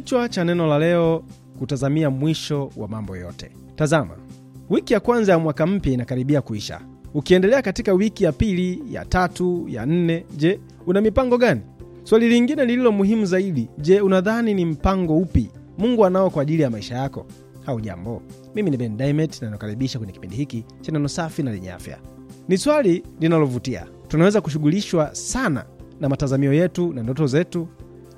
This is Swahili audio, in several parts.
Kichwa cha neno la leo: kutazamia mwisho wa mambo yote. Tazama, wiki ya kwanza ya mwaka mpya inakaribia kuisha. Ukiendelea katika wiki ya pili, ya tatu, ya nne, je, una mipango gani? Swali lingine lililo muhimu zaidi, je, unadhani ni mpango upi Mungu anao kwa ajili ya maisha yako? au jambo mimi ni Ben dimet na nakaribisha kwenye kipindi hiki cha neno safi na lenye afya. Ni swali linalovutia. Tunaweza kushughulishwa sana na matazamio yetu na ndoto zetu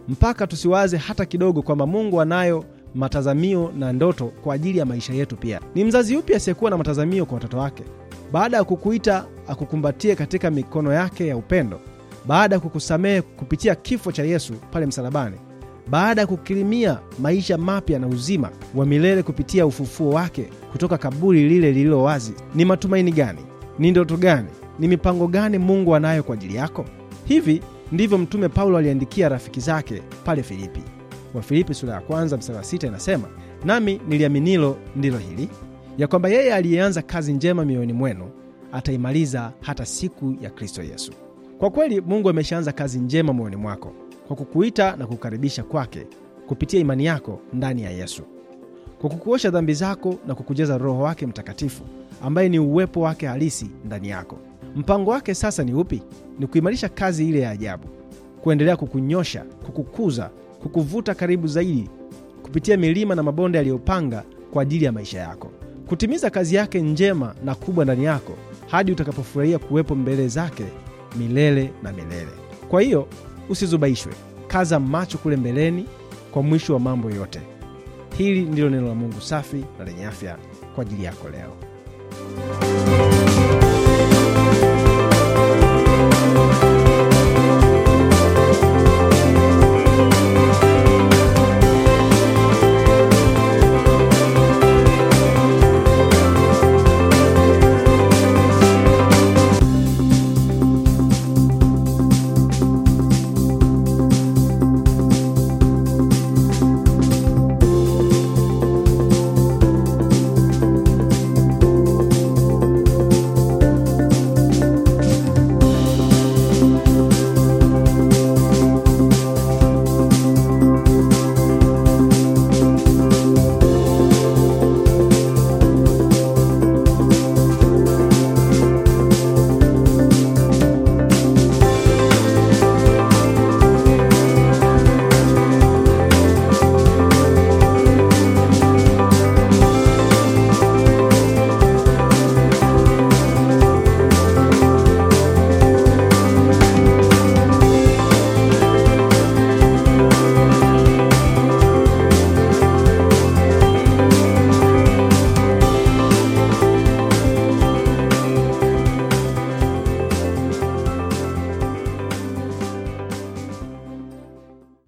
mpaka tusiwaze hata kidogo kwamba Mungu anayo matazamio na ndoto kwa ajili ya maisha yetu. Pia ni mzazi yupi asiyekuwa na matazamio kwa watoto wake? Baada ya kukuita akukumbatie katika mikono yake ya upendo, baada ya kukusamehe kupitia kifo cha Yesu pale msalabani, baada ya kukirimia maisha mapya na uzima wa milele kupitia ufufuo wake kutoka kaburi lile lililo wazi, ni matumaini gani? Ni ndoto gani? Ni mipango gani Mungu anayo kwa ajili yako? Hivi ndivyo Mtume Paulo aliandikia rafiki zake pale Filipi. Wafilipi sura ya kwanza msara wa sita inasema, nami niliaminilo ndilo hili ya kwamba yeye aliyeanza kazi njema mioyoni mwenu ataimaliza hata siku ya Kristo Yesu. Kwa kweli Mungu ameshaanza kazi njema moyoni mwako kwa kukuita na kukukaribisha kwake kupitia imani yako ndani ya Yesu, kwa kukuosha dhambi zako na kukujeza Roho wake Mtakatifu ambaye ni uwepo wake halisi ndani yako. Mpango wake sasa ni upi? Ni kuimarisha kazi ile ya ajabu, kuendelea kukunyosha, kukukuza, kukuvuta karibu zaidi kupitia milima na mabonde yaliyopanga kwa ajili ya maisha yako, kutimiza kazi yake njema na kubwa ndani yako hadi utakapofurahia kuwepo mbele zake milele na milele. Kwa hiyo usizubaishwe, kaza macho kule mbeleni kwa mwisho wa mambo yote. Hili ndilo neno la Mungu safi na lenye afya kwa ajili yako leo.